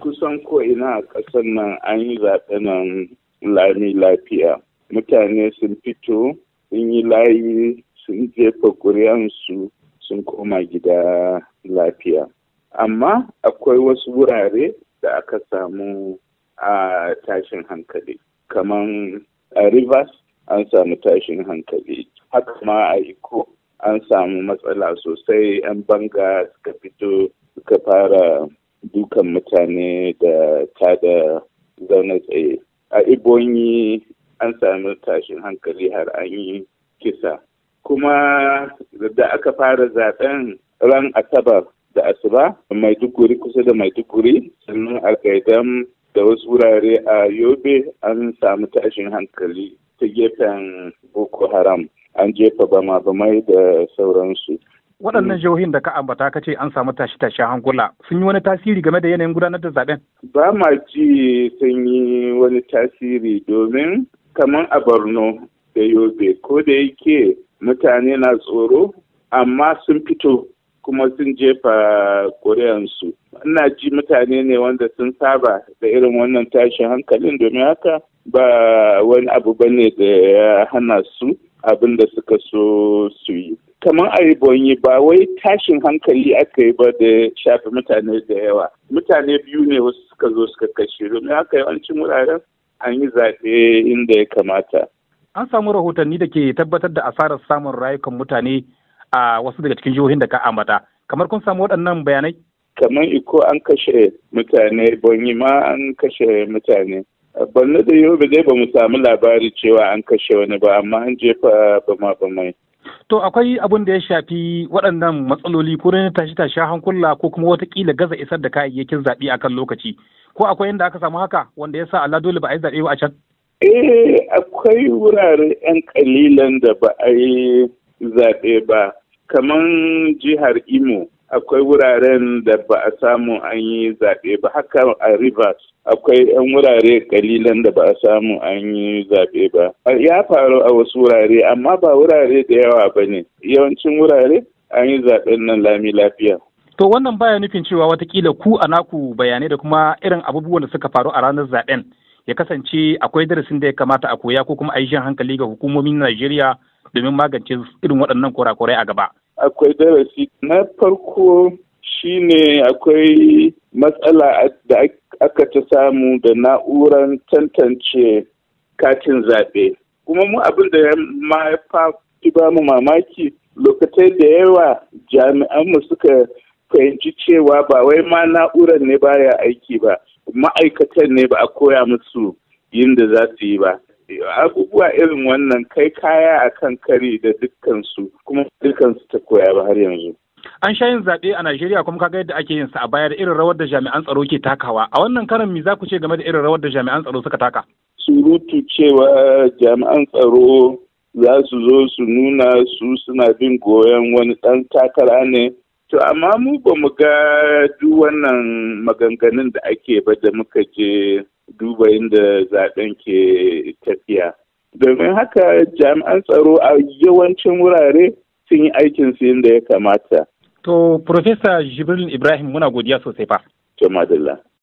kusan ko ina a ƙasar nan an yi zaɓe nan lami lafiya mutane sun fito sun yi layi sun jefa ƙuri'ansu sun koma gida lafiya amma akwai wasu wurare da aka samu a tashin hankali kamar a rivers an samu tashin hankali haka ma a iko an samu matsala sosai 'yan banga suka fito suka fara dukan mutane da ta da zaune tsaye a ibonyi an sami tashin hankali har an yi kisa kuma da aka fara zaben ran asabar da asuba maiduguri kusa da maiduguri sannan a gaidam da wasu wurare a yobe an sami tashin hankali ta gefen boko haram an jefa bama-bamai da sauransu waɗannan eh. jihohin da ka ambata ka ce an samu tashi tashi hankula sun yi wani tasiri game da yanayin gudanar da zaben ba ma ji sun yi wani tasiri domin kamar a borno da yobe ko da yake mutane na tsoro amma sun fito kuma sun jefa ƙuri'ansu ina ji mutane ne wanda sun saba da irin wannan tashin hankalin domin haka ba wani abu bane da ya hana su abin da suka so su yi kamar a bonyi ba wai tashin hankali aka yi ba da shafi mutane da yawa mutane biyu ne wasu suka zo suka kashe domin yi yawancin wuraren an yi zaɓe inda ya kamata an samu rahotanni da ke tabbatar da asarar samun rayukan mutane a wasu daga cikin jihohin da ka ambata kamar kun samu waɗannan bayanai kamar iko an kashe mutane bonyi ma an kashe mutane Banna da yobe ba mu samu labari cewa an kashe wani ba amma an jefa bama bamai To akwai abin da ya shafi waɗannan matsaloli ko ne tashi tashi hankula ko kuma watakila gaza isar da kayayyakin zaɓe a kan lokaci. Ko akwai inda aka samu haka wanda ya sa Allah dole ba a yi zaɓe ba a can? Eh akwai wurare 'yan kalilan da ba a yi zaɓe ba. Kaman jihar Imo akwai wuraren da ba a samu an yi zaɓe ba haka a rivers akwai 'yan wurare kalilan da ba a samu an yi zaɓe ba ya faru a wasu wurare amma ba wurare da yawa ba ne yawancin wurare an yi zaɓen nan lami lafiya To wannan baya nufin cewa watakila ku a naku bayanai da kuma irin abubuwan da suka faru a ranar zaɓen ya kasance akwai darasin da ya kamata a koya ko kuma a yi hankali ga hukumomin Najeriya domin magance irin waɗannan kurakurai a gaba. akwai darasi na farko shine akwai matsala da aka ta samu da na'urar tantance katin zaɓe kuma mu abin da ya fi ba mu mamaki lokacin da yawa jami'anmu suka fahimci cewa ba wai ma na'urar ne baya aiki ba ma'aikatan ne ba a koya musu yin da za su yi ba abubuwa irin wannan kai kaya a kan kari da dukkansu kuma dukkansu ta koya ba har yanzu. An sha yin zaɓe a Najeriya kuma kaga yadda ake yin sa a baya da irin rawar da jami'an tsaro ke takawa. A wannan karan me za ku ce game da irin rawar da jami'an tsaro suka taka? Surutu cewa jami'an tsaro za su zo su nuna su suna bin goyon wani ɗan takara ne To amma mu ba mu ga duk wannan maganganun da ake ba da muka je duba inda zaben ke tafiya domin haka jami'an tsaro a yawancin wurare sun yi aikinsu inda ya kamata to Profesa jibril ibrahim muna godiya sosai fa to